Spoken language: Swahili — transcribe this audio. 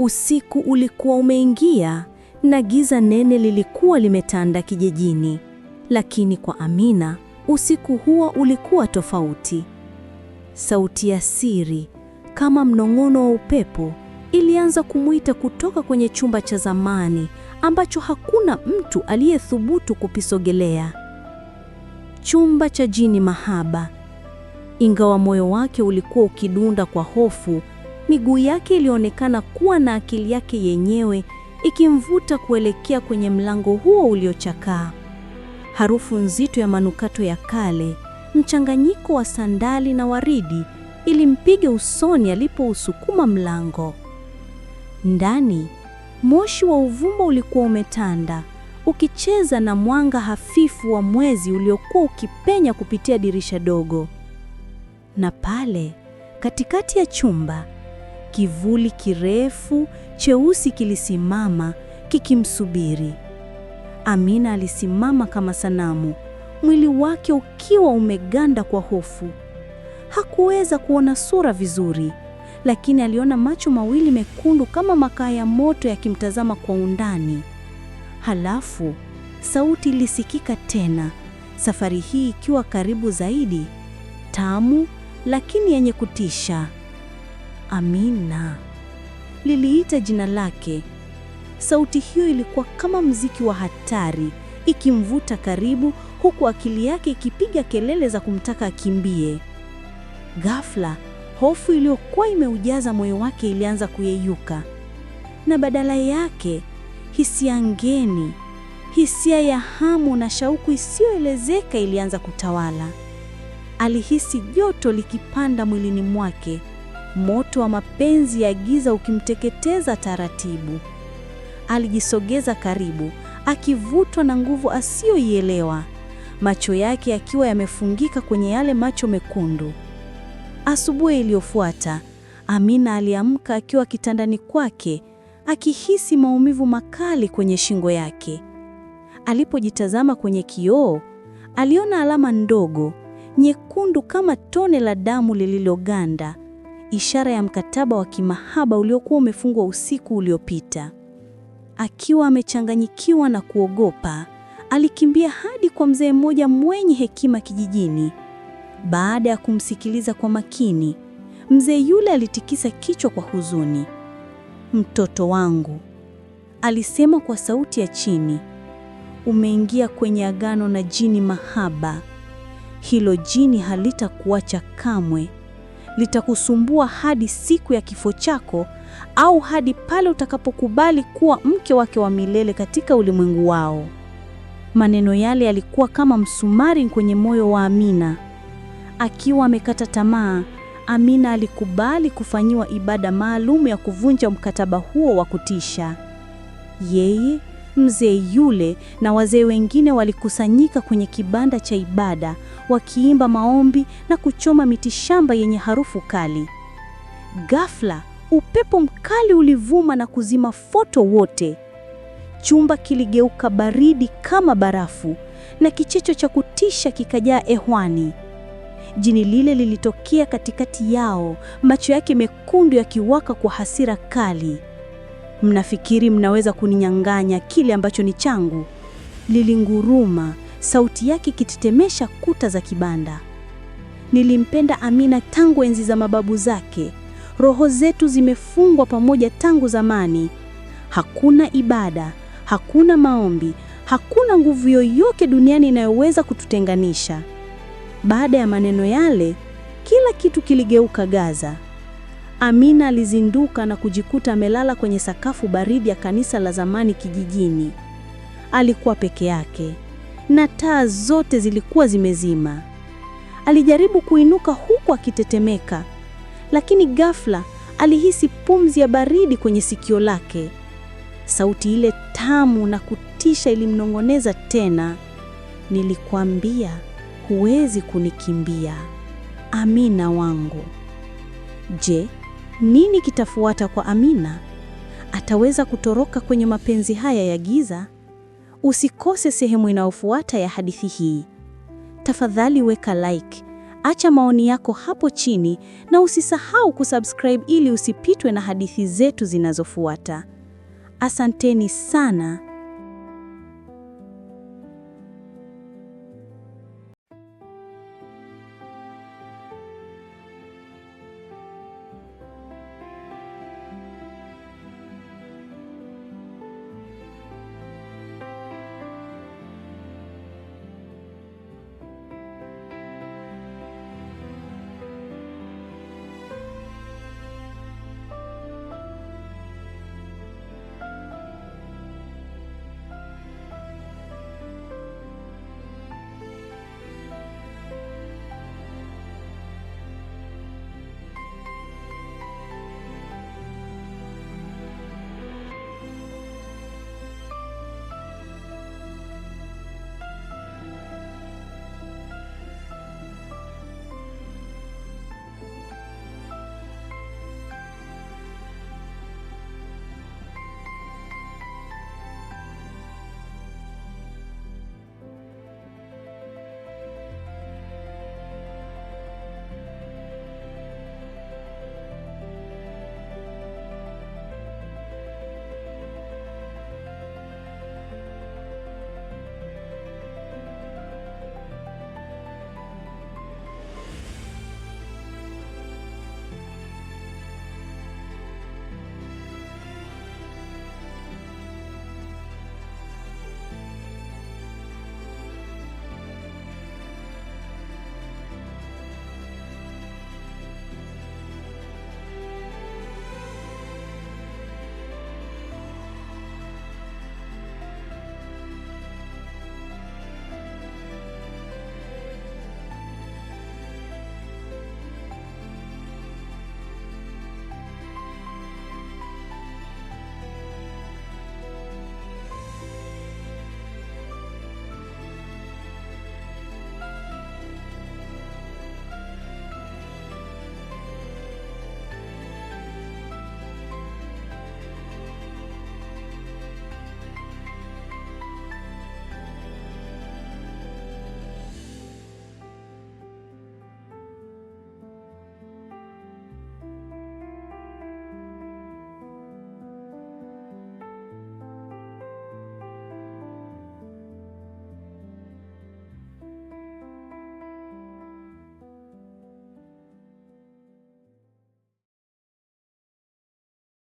Usiku ulikuwa umeingia na giza nene lilikuwa limetanda kijijini, lakini kwa Amina usiku huo ulikuwa tofauti. Sauti ya siri kama mnong'ono wa upepo ilianza kumwita kutoka kwenye chumba cha zamani ambacho hakuna mtu aliyethubutu kupisogelea. Chumba cha jini Mahaba. Ingawa moyo wake ulikuwa ukidunda kwa hofu Miguu yake ilionekana kuwa na akili yake yenyewe ikimvuta kuelekea kwenye mlango huo uliochakaa. Harufu nzito ya manukato ya kale, mchanganyiko wa sandali na waridi ilimpiga usoni alipousukuma mlango. Ndani, moshi wa uvumba ulikuwa umetanda, ukicheza na mwanga hafifu wa mwezi uliokuwa ukipenya kupitia dirisha dogo. Na pale, katikati ya chumba Kivuli kirefu cheusi kilisimama kikimsubiri. Amina alisimama kama sanamu, mwili wake ukiwa umeganda kwa hofu. Hakuweza kuona sura vizuri, lakini aliona macho mawili mekundu kama makaa ya moto yakimtazama kwa undani. Halafu sauti ilisikika tena, safari hii ikiwa karibu zaidi, tamu lakini yenye kutisha. Amina liliita jina lake. Sauti hiyo ilikuwa kama mziki wa hatari, ikimvuta karibu, huku akili yake ikipiga kelele za kumtaka akimbie. Ghafla, hofu iliyokuwa imeujaza moyo wake ilianza kuyeyuka, na badala yake hisia ngeni, hisia ya hamu na shauku isiyoelezeka ilianza kutawala. Alihisi joto likipanda mwilini mwake, moto wa mapenzi ya giza ukimteketeza taratibu. Alijisogeza karibu, akivutwa na nguvu asiyoielewa, macho yake akiwa yamefungika kwenye yale macho mekundu. Asubuhi iliyofuata, Amina aliamka akiwa kitandani kwake, akihisi maumivu makali kwenye shingo yake. Alipojitazama kwenye kioo, aliona alama ndogo, nyekundu kama tone la damu lililoganda ishara ya mkataba wa kimahaba uliokuwa umefungwa usiku uliopita. Akiwa amechanganyikiwa na kuogopa, alikimbia hadi kwa mzee mmoja mwenye hekima kijijini. Baada ya kumsikiliza kwa makini, mzee yule alitikisa kichwa kwa huzuni. Mtoto wangu, alisema kwa sauti ya chini, umeingia kwenye agano na jini mahaba. Hilo jini halitakuacha kamwe litakusumbua hadi siku ya kifo chako au hadi pale utakapokubali kuwa mke wake wa milele katika ulimwengu wao. Maneno yale yalikuwa kama msumari kwenye moyo wa Amina. Akiwa amekata tamaa, Amina alikubali kufanyiwa ibada maalum ya kuvunja mkataba huo wa kutisha. Yeye mzee yule na wazee wengine walikusanyika kwenye kibanda cha ibada wakiimba maombi na kuchoma miti shamba yenye harufu kali. Ghafla upepo mkali ulivuma na kuzima moto wote. Chumba kiligeuka baridi kama barafu na kichecho cha kutisha kikajaa ehwani Jini lile lilitokea katikati yao, macho yake mekundu yakiwaka kwa hasira kali. Mnafikiri mnaweza kuninyang'anya kile ambacho ni changu? Lilinguruma, sauti yake ikitetemesha kuta za kibanda. Nilimpenda Amina tangu enzi za mababu zake. Roho zetu zimefungwa pamoja tangu zamani. Hakuna ibada, hakuna maombi, hakuna nguvu yoyote duniani inayoweza kututenganisha. Baada ya maneno yale, kila kitu kiligeuka Gaza. Amina alizinduka na kujikuta amelala kwenye sakafu baridi ya kanisa la zamani kijijini. Alikuwa peke yake na taa zote zilikuwa zimezima. Alijaribu kuinuka huku akitetemeka, lakini ghafla alihisi pumzi ya baridi kwenye sikio lake. Sauti ile tamu na kutisha ilimnong'oneza tena, nilikwambia huwezi kunikimbia Amina wangu. Je, nini kitafuata kwa Amina? Ataweza kutoroka kwenye mapenzi haya ya giza? Usikose sehemu inayofuata ya hadithi hii. Tafadhali weka like, acha maoni yako hapo chini na usisahau kusubscribe ili usipitwe na hadithi zetu zinazofuata. Asanteni sana.